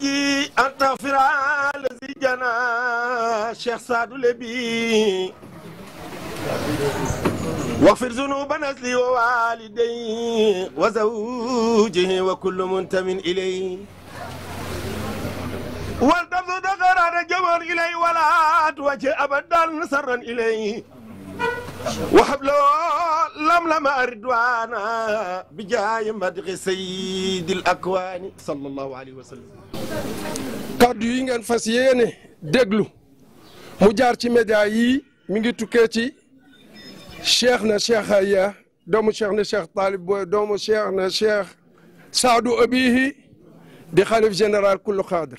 جي أن تغفر شيخ سعد لبي ذنوب نسلي ووالدي وزوجه وكل منتم إليه والتفت دغر جمر إليه ولا توجه أبدا سرا إليه وحبلو لم لم أردوانا بجاي مدغ سيد الأكوان صلى الله عليه وسلم kàddu yi ngeen fas yeene déglu mu jaar ci média yi mi ngi tukkee ci cheikh na cheikh aya doomu cheikh na cheikh Talib Boye doomu cheikh na cheikh saadu abihi di xalif général kullu xaadir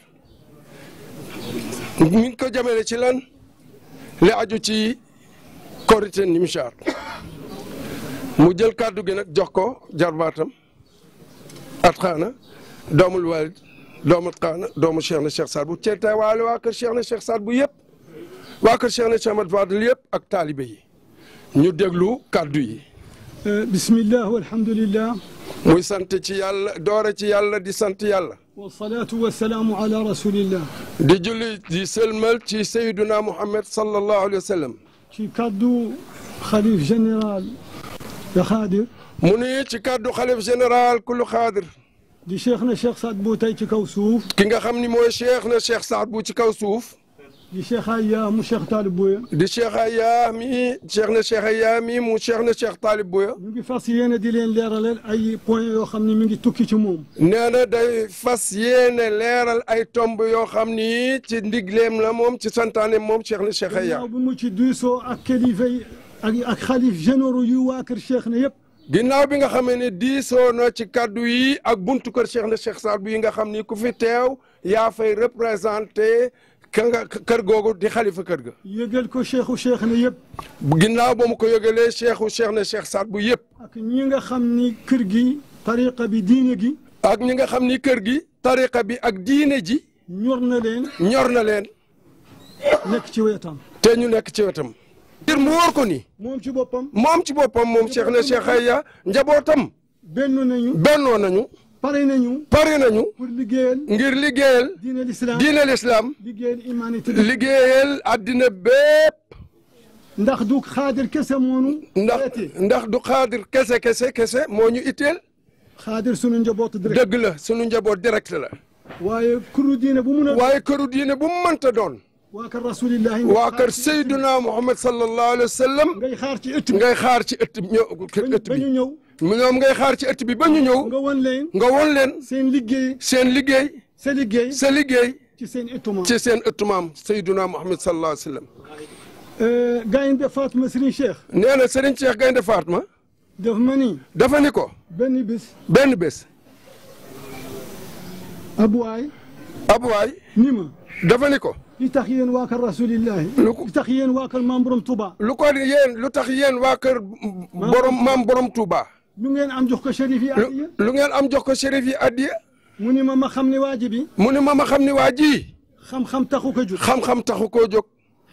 mi ngi ko jamele ci lan li aju ci korite nimchar mu jël kàddu gi nag jox ko jarbaatam at xaana doomul walid دوم القانا دوم الشيخنا الشيخ صار بو تيتا والو اكر الشيخنا الشيخ صار بو ييب واكر الشيخنا شامد فاضل ييب اك طالبي ني دغلو كادو يي أه، بسم الله والحمد لله موي سانت تي يالا دورا تي يالا دي سانت يالا والصلاه والسلام على رسول الله دي جولي دي سلمل تي سيدنا محمد صلى الله عليه وسلم تي كادو خليف جنرال يا خادر موني تي كادو خليف جنرال كل خادر دي شيخنا شيخ سعد بوتاي تي كوسوف كيغا خامني موي شيخنا شيخ سعد بوتاي كوسوف دي شيخ اياه مو شيخ طالب بويا دي شيخ اياه مي شيخنا شيخ اياه مي مو شيخنا شيخ طالب بويا مي فاس يينا دي لين ليرال اي بوين يو خامني مي توكي تي موم نانا داي فاس يينا ليرال اي تومب يو خامني تي نديغليم لا موم تي سانتاني موم شيخنا شيخ اياه بو مو تي دوسو اك كليفاي اك خليف جنرو يو واكر شيخنا يب ginnaaw bi nga xamee ne diisoo na ci kaddu yi ak buntu kër Cheikh na Cheikh Saad bu yi nga xam ni ku fi teew yaa fay représenté ka kër googu di xalifa kër ga. yëgal ko cheikhu cheikh na yëpp. ginnaaw ba mu ko yëgalee cheikhu cheikh na Cheikh Saad bu yëpp. ak ñi nga xam ni kër gi tariqa bi diine gi. ak ñi nga xam ni kër gi tariqa bi ak diine ji. ñor na leen ñor na leen. nekk ci wetam. te ñu nekk ci wetam. ngir mu wor ko ni. mom ci bopam mom ci bopam mom Cheikh na Cheikh Aya njabotam benno nañu benno nañu. pare nañu pare nañu. pour liggéeyal ngir liggéeyal. diine l'islam diine l'islam. liggéeyal humanité bi liggéeyal addina ndax du khadir kessé monu ndax ndax du khadir kessé kessé kessé moñu itel khadir sunu njabot direct deug la sunu njabot direct la. waye këru diine bu mun a. waaye këru diine bu mu mënta doon. waakar rasulillah waakar Seydina Muhammad sallallahu alayhi wa sallam. ngay xaar ci ëtt bi ngay xaar ci ëtt bi ëtt bi ñëw. ñoom ngay xaar ci ëtt bi ba ñu ñëw. nga won leen nga won leen. seen liggéey seen liggéey. sa liggéey sa liggéey. ci seen ëttu maam ci seen ëttu maam Seydina Muhammad sallallahu alayhi wa sallam. Gaynde Fatma Serigne Cheikh. nee na Serigne Cheikh Gaynde Fatma. daf ma ni. dafa ni ko. benn bés. benn bés. abuwaay. abuwaay. ni ma. dafa ni ko. لتخيين واكر رسول الله لتخيين واكر مامبروم توبا لوكو يين لتخيين واكر بروم مامبروم توبا لوغين ام جوخ شريفي ادي لوغين ام جوخ شريفي ادي موني ماما خامني واجبي موني ماما خامني واجي خم خم تاخو كو جوك خم خم تاخو كو جوك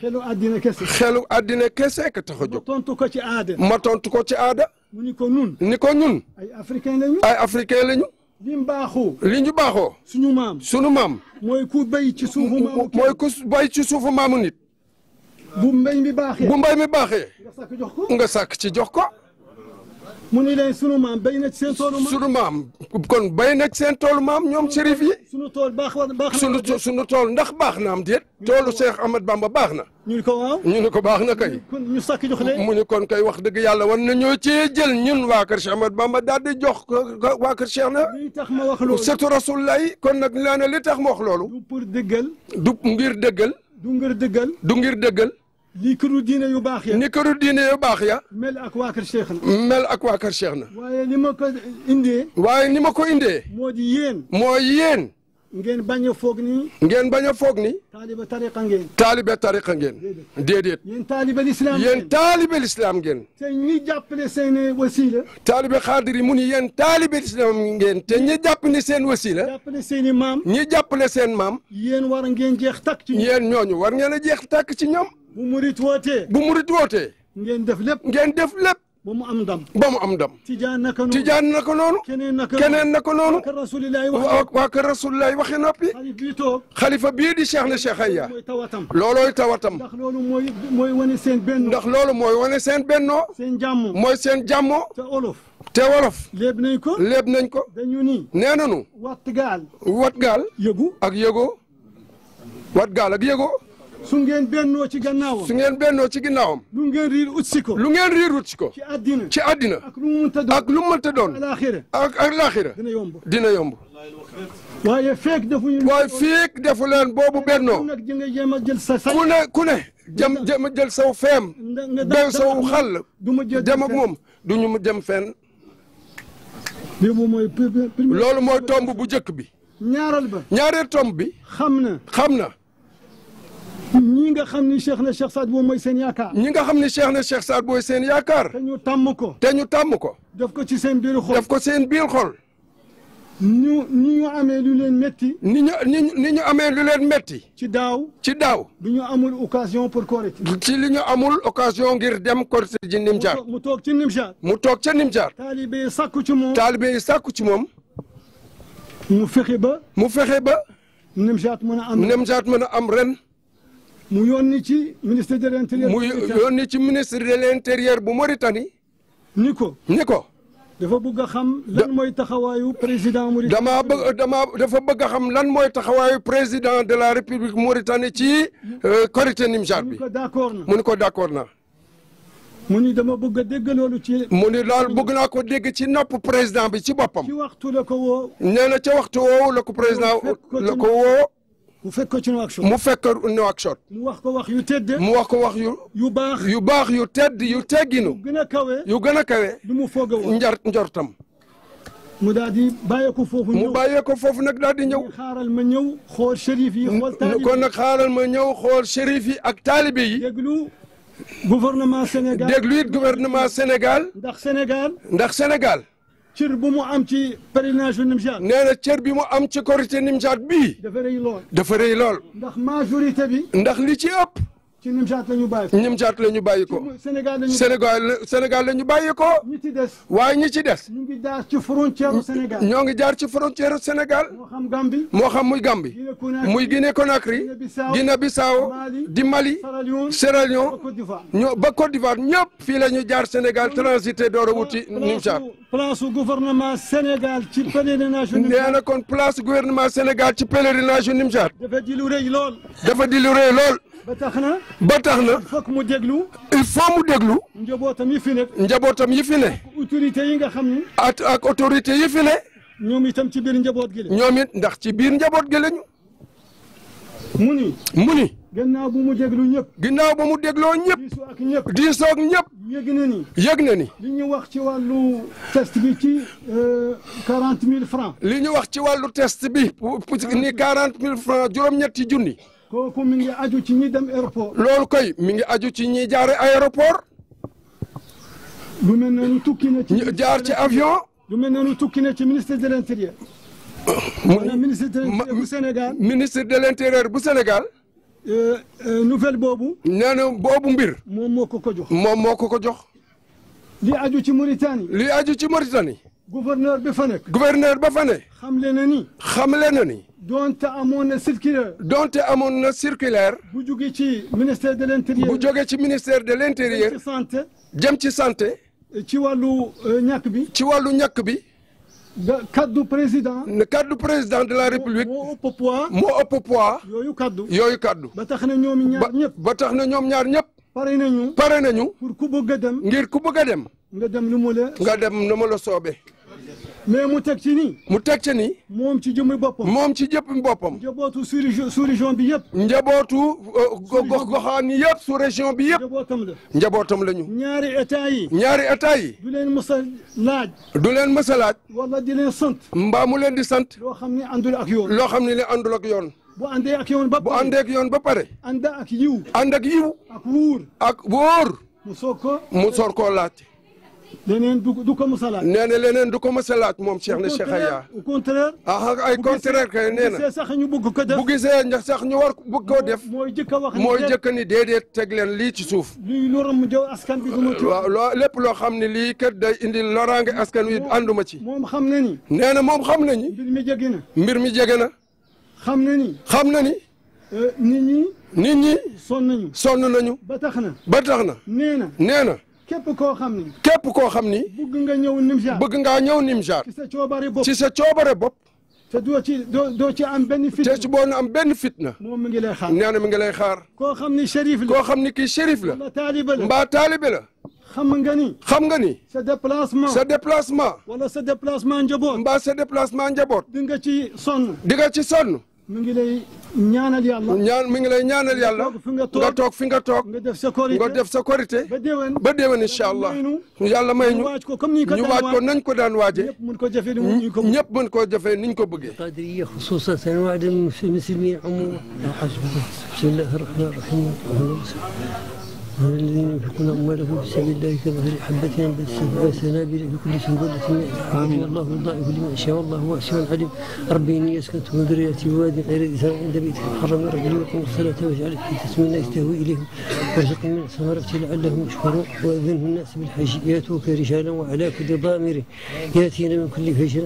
خلو ادينا كسي خلو ادينا كسي كتاخو جوك تونتو كو تي ادا ما تونتو كو تي اي افريكان لا اي افريكان لا li mu baaxoo. li ñu baaxoo. suñu maam suñu maam. mooy ku bay ci suufu maamu mooy ku ci suufu maamu nit. bu mbéy mi baaxee. bu mbéy mi baaxee. nga sak jox nga sàkk ci jox ko. mu ni leen sunu maam béy na ci seen toolu maam sunu kon béy na ci seen toolu maam ñoom sérif yi. sunu tool baax baax sunu sunu tool ndax baax na am déet. toolu Cheikh Ahmed Bamba baax na. ñu ni ko ñu ni ko baax na kay. ñu sakk jox leen mu ni kon kay wax dëgg yàlla war nañoo cee jël ñun waa kër Cheikh Ahmed Bamba daal di jox waa kër Cheikh na. li tax ma wax loolu surtout Rasulullah kon nag nee na li tax ma loolu. du pour du ngir dëggal. du ngir dëggal. du ngir dëggal. li këru diine yu baax ya. ni këru diine yu baax ya. mel ak waa kër Cheikh na. mel ak waa kër na. waaye ni ma ko indee. waaye ni ma ko indee. moo di yéen. moo yéen. ngeen bañ a foog ni. ngeen bañ a foog ni. taalibe tariqa ngeen. taalibe tariqa ngeen. déedéet. yéen taalibe lislaam ngeen yéen taalibe lislaam ngeen. te ñi jàppale seen wasila. taalibe xaadir yi mu ni yéen taalibe lislaam ngeen te ñi jàpp ne seen wasila. jàppale seen i maam. ñi jàppale seen maam. yéen war ngeen jeex takk ci ñoom. yéen ñooñu war ngeen a jeex takk ci ñoom. bu murit wootee. bu murit wootee. ngeen def lépp. ngeen def lépp. ba mu am ndam. ba mu am ndam. tijaan naka noonu tijaan naka noonu. keneen naka noonu keneen naka noonu. waa kër rasulilah waxi noppi waa kër rasulilah waxi noppi. xalifa bii toog. xalifa bii di Cheikh na Cheikh Aya. loolooy tawatam. loolooy tawatam. ndax loolu mooy mooy wane seen benn. ndax loolu mooy wane seen bennoo. seen jàmmoo mooy seen jàmmoo. te olof. te wolof. léeb nañ ko. léeb nañ ko. dañu ni. nee nañu. wat gaal. wat gaal. yëgu ak yëgoo. wat su ngeen bennoo ci gannaawam su ngeen bennoo ci gannaawam lu ngeen riir ut si ko lu ngeen riir ut ko ci addina ci addina ak lu mu mënta doon ak lu mu mënta doon ak alaaxira dina yomb dina yomb waaye feek defu waaye feek defu leen boobu bennoo ku ne ku ne jëm jëm jël saw feem bew saw xàll dem ak moom du ñu dem fenn loolu mooy tomb bu njëkk bi ñaareel ñaareel tomb bi xam na xam na ñi nga xam ni Cheikh na Cheikh Saad Bou mooy seen yaakaar ñi nga xam ni Cheikh na Cheikh Saad Bou mooy seen yaakaar te ñu tàmm ko te ñu tàmm ko def ko ci seen biir xol def ko seen biir xol ñu ni ñu amee lu leen métti ni ñu ni ñu amee lu ci daaw ci daaw bi ñu amul occasion pour Korité ci li ñu amul occasion ngir dem Korité ji Nimjaar mu toog ci Nimjaar mu toog ca Nimjaar taalibe yi sàkku ci moom taalibe yi sàkku ci moom mu fexe ba mu fexe ba Nimjaar mën a am mën a am ren mu yónni ci ministre de l'intérieur. mu yónni ci ministre de l'intérieur bu Mauritanie. ni ko ni ko. dafa bëgg xam lan mooy taxawaayu président Mauritanie. damaa bëgg damaa dafa bëgg xam lan mooy taxawaayu président de la république Mauritanie ci euh, Korité Nimjar bi. mu ni ko d'accord na mu ni ko d'accord na. mu ni dama bëgg dégg loolu ci. mu ni laal bëgg naa ko dégg ci nopp président bi ci boppam. ci waxtu la ko woo. nee ca waxtu la ko président la ko mu fekk ci Nouakchott mu fekk Nouakchott. mu wax ko wax yu tedd. mu wax ko wax yu. yu baax yu baax yu tedd yu tegginu. yu gën a kawe yu gën a kawe. lu mu foog a woon njar njortam. mu daal di bàyyeeku foofu. ñëw mu bàyyeeku foofu nag daal di ñëw. xaaral ma ñëw xool shérif yi xool. taalibe yi kon nag xaaral ma ñëw xool shérif yi ak taalibe yi. déglu gouvernement Sénégal déglu it gouvernement Sénégal. ndax Sénégal. ndax Sénégal. شربو مو امتي برناش النمجان نانا تشربي مو امتي كورتي النمجان بي دفري لول دفري لول ندخ ما جوري تبي ندخ ليتي اب ci Nimsaat la ñu bàyyi ko Nimsaat la ñu bàyyi ko. Sénégal la ñu Sénégal la ñu bàyyi ko. ñi ci des waaye ñu ci des. ñu ngi jaar ci frontière ru Sénégal. ñoo ngi jaar ci frontière ru Sénégal. moo xam Gambie moo xam muy Gambie. muy Guinée Conakry. Guinée Bissau di Mali. Sierra Leone ñoo ba Côte d'Ivoire ñëpp. fii la ñu jaar Sénégal transité door a wuti Nimsaat. place su gouvernement ci pèlerinage. nee kon place gouvernement Sénégal ci pèlerinage Nimsaat. dafa di lu rëy lool. dafa lool. ba tax na ba tax na il mu déglu il faut mu déglu njabootam yi fi ne njabootam yi fi ne autorité yi nga xam ni ak ak autorité yi fi ne ñoom itam ci biir njaboot gi la ndax ci biir njaboot gi lañu mu ni mu ni gannaaw bu mu déglu ñëpp ginnaaw ba mu dégloo ñëpp diisoo ak ñëpp diisoo ak ñëpp yëg na ni yëg na ni li ñu wax ci wàllu test bi ci euh, quarante mille francs li ñu wax ci wàllu test bi ni quarante mille francs juróom-ñetti junni kooku mi ngi aju ci ñi dem aéroport. loolu koy mi ngi aju ci ñi jaar aéroport. lu mel ne tukki na ci. jaar ci avion. lu mel ne tukki na ci ministre de l' intérieur. maanaam ministre de l' intérieur bu Sénégal. ministre de l' bu Sénégal. Euh, euh, nouvelle boobu. nee na mbir. moom moo moom moo ko ko jox. li aju ci Mauritanie. li aju ci Mauritanie. gouverneur ba fa nekk. gouverneur ba fa ne. xamle na ni. na ni. donte amoon na circulaire. donte amoon na circulaire. bu jóge ci ministère de l' intérieur. bu jóge ci ministère de l' intérieur. ci santé. jëm ci santé. ci wàllu euh, ñàkk bi. ci wàllu ñàkk bi. da kaddu président. ne kaddu président de la république. moo ëpp poids. moo ëpp poids. yooyu kaddu. yooyu kaddu. ba tax na ñoom ñaar ñëpp. ba tax na ñaar ñëpp. pare nañu. pare nañu. pour ku bëgg a dem. ngir ku bëgg a dem. nga dem nu mu la. nga dem nu mu la soobee. mais mu teg ci nii. mu teg ci nii. moom ci jëmmi boppam. moom ci jëmmi boppam. njabootu sous région bi yëpp. njabootu. Euh, gox goxaan yi yëpp sous région bi yëpp. njabootam la njabootam la ñu. ñaari état yi. ñaari état yi. du leen mës a du leen mës a laaj. wala di leen mbaa mu leen di sant. loo xam ne àndul ak yoon. loo xam ne leen àndul yoon. bu àndee ak yoon ba bu àndee ak yoon ba pare. ànd ak yiw. ànd ak yiw. ak wóor. ak wóor. mu soog ko. mu soog laaj. leneen du ko du ko masalaat. nee na leneen du ko masalaat moom Cheikh na Cheikh ah, ah, ay contraire kay nee na bu gisee sax ñu bëgg ko def bu sax ñu war bëgg koo def. mooy jëkka a wax mooy jëkk ni déedéet teg leen lii ci suuf. luy loram jaww askan bi duma ci. waaw loo lépp loo xam ne lii kat day indi loraange askan wi ànduma ci. moom xam na ni. nee na moom xam na ni. mbir mi jege na. mbir mi jege na. xam na ni. xam na ni. Euh, nit ñi. nit ñi. sonn sonn nañu. ba na. ba tax na. nee na nee na. képp koo xam ni. képp koo xam ni. bëgg nga ñëw Nimjar bëgg ngaa ñëw Nimjar. ci sa coobare bopp ci sa coobare bopp. te doo ci doo doo ci am benn fitna te ci boo am benn fitna. moom mi ngi lay xaar nee mi ngi lay xaar. koo xam ni shérif la koo xam ni kii shérif la. mbaa taalibe la mbaa taalibe la. xam nga ni. xam nga ni. sa déplacement sa déplacement. wala sa déplacement njaboot. mba sa déplacement njaboot. di nga ci sonn. di nga ci sonn. mi ngi lay ñaanal yàlla. ñaan mi ngi lay ñaanal yàlla. nga toog fi nga toog. nga def sa korité nga def sa korité. ba déwén ba déwén incha allah. yàlla may ñu ñu waaj ko nañ ko daan waajee. ñëpp mën koo jëfee ni ñu ko ñëpp mën koo jëfee ni ñu ko bëggee. qadiriya xususatan waa dem fi muslimiin amuwa. bismillahi rahmani rahim من الذين ينفقون أموالهم في سبيل الله كمثل حبة أنبتت سبع سنابل في كل سنبلة آمين الله يضاعف شاء الله والله واسع عليم ربي إني أسكنت من ذريتي بواد غير ذي زرع عند بيتك المحرم ربي وقم الصلاة واجعل تسمى الناس يستهوي إليهم وارزقني من ثمرتي لعلهم يشكرون وأذنه الناس بالحج يأتوك رجالا وعلى كل ضامر يأتينا من كل فجر